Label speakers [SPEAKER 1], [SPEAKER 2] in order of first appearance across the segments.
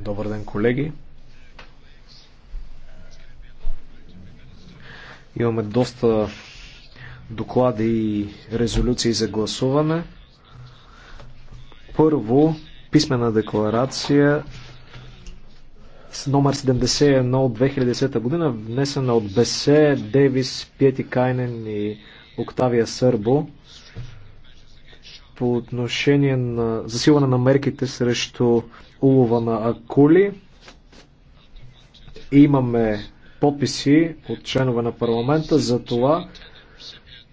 [SPEAKER 1] Добър ден, колеги. Имаме доста доклади и резолюции за гласуване. Първо, писмена декларация с номер 71 от 2010 година, внесена от Бесе, Дейвис, Пети Кайнен и Октавия Сърбо по отношение на засилване на мерките срещу улова на акули. Имаме подписи от членове на парламента за това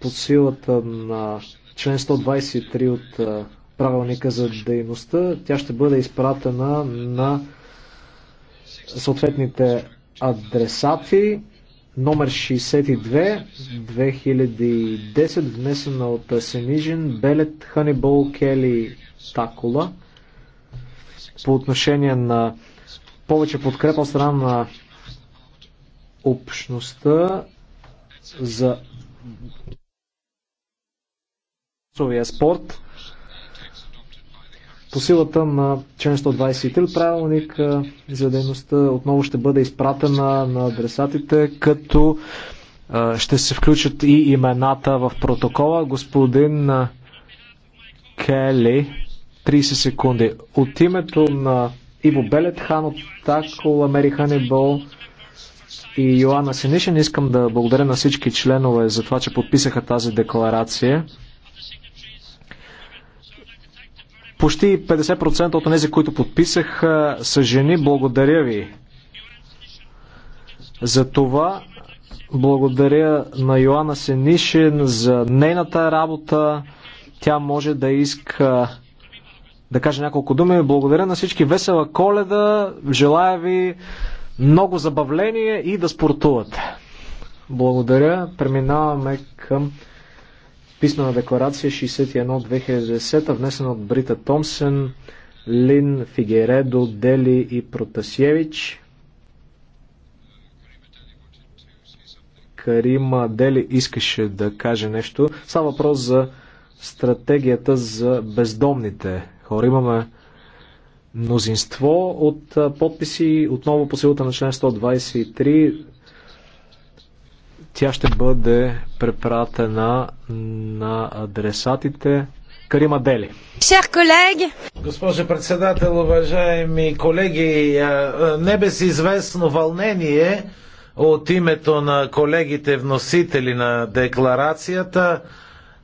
[SPEAKER 1] под силата на член 123 от правилника за дейността. Тя ще бъде изпратена на съответните адресати номер 62 2010, внесена от Семижин Белет, Ханибол, Кели, Такола по отношение на повече подкрепа от страна на общността за спорт по силата на член 123 от правилник за дейността отново ще бъде изпратена на адресатите, като ще се включат и имената в протокола. Господин Кели, 30 секунди. От името на Иво Белет, Хано Такола, Амери Ханибол и Йоанна Синишин искам да благодаря на всички членове за това, че подписаха тази декларация. Почти 50% от тези, които подписах, са жени. Благодаря ви за това. Благодаря на Йоанна Сенишин за нейната работа. Тя може да иска да каже няколко думи. Благодаря на всички. Весела коледа. Желая ви много забавление и да спортувате. Благодаря. Преминаваме към Писмена декларация 61-2010, внесена от Брита Томсен, Лин, Фигередо, Дели и Протасевич. Карима Дели искаше да каже нещо. Става въпрос за стратегията за бездомните хора. Имаме мнозинство от подписи, отново по силата на член 123 тя ще бъде препратена на адресатите. Карима Дели.
[SPEAKER 2] Шер Госпожо председател, уважаеми колеги, не известно вълнение от името на колегите вносители на декларацията.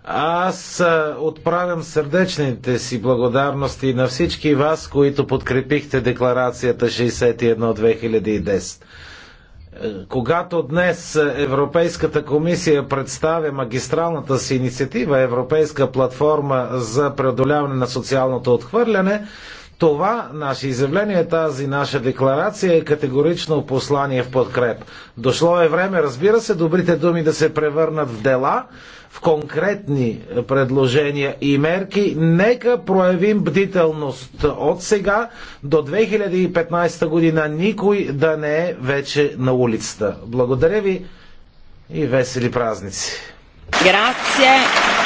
[SPEAKER 2] Аз отправям сърдечните си благодарности на всички вас, които подкрепихте декларацията 61-2010. Когато днес Европейската комисия представя магистралната си инициатива Европейска платформа за преодоляване на социалното отхвърляне, това наше изявление, тази наша декларация е категорично послание в подкреп. Дошло е време, разбира се, добрите думи да се превърнат в дела, в конкретни предложения и мерки. Нека проявим бдителност от сега до 2015 година. Никой да не е вече на улицата. Благодаря ви и весели празници!
[SPEAKER 1] Grazie.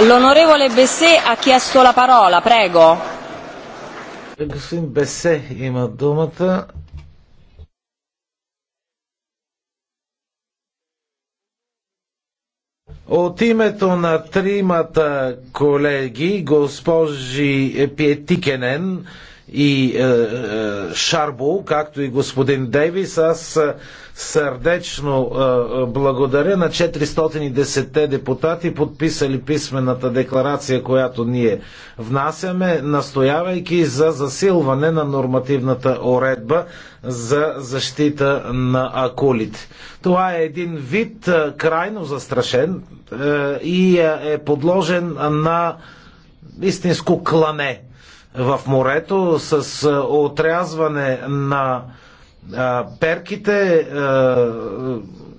[SPEAKER 1] L'onorevole Bessé ha chiesto la parola, prego.
[SPEAKER 2] Господин Бесе има думата. От името на тримата колеги, госпожи Пиетикенен, и е, е, Шарбо, както и господин Дейвис. Аз е, сърдечно е, е, благодаря на 410 депутати, подписали писмената декларация, която ние внасяме, настоявайки за засилване на нормативната уредба за защита на акулите. Това е един вид е, крайно застрашен е, и е, е подложен на истинско клане в морето с отрязване на перките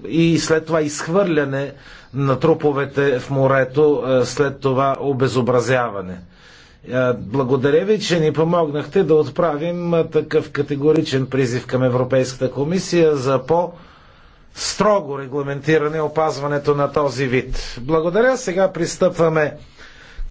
[SPEAKER 2] и след това изхвърляне на труповете в морето, след това обезобразяване. Благодаря ви, че ни помогнахте да отправим такъв категоричен призив към Европейската комисия за по- строго регламентиране опазването на този вид. Благодаря. Сега пристъпваме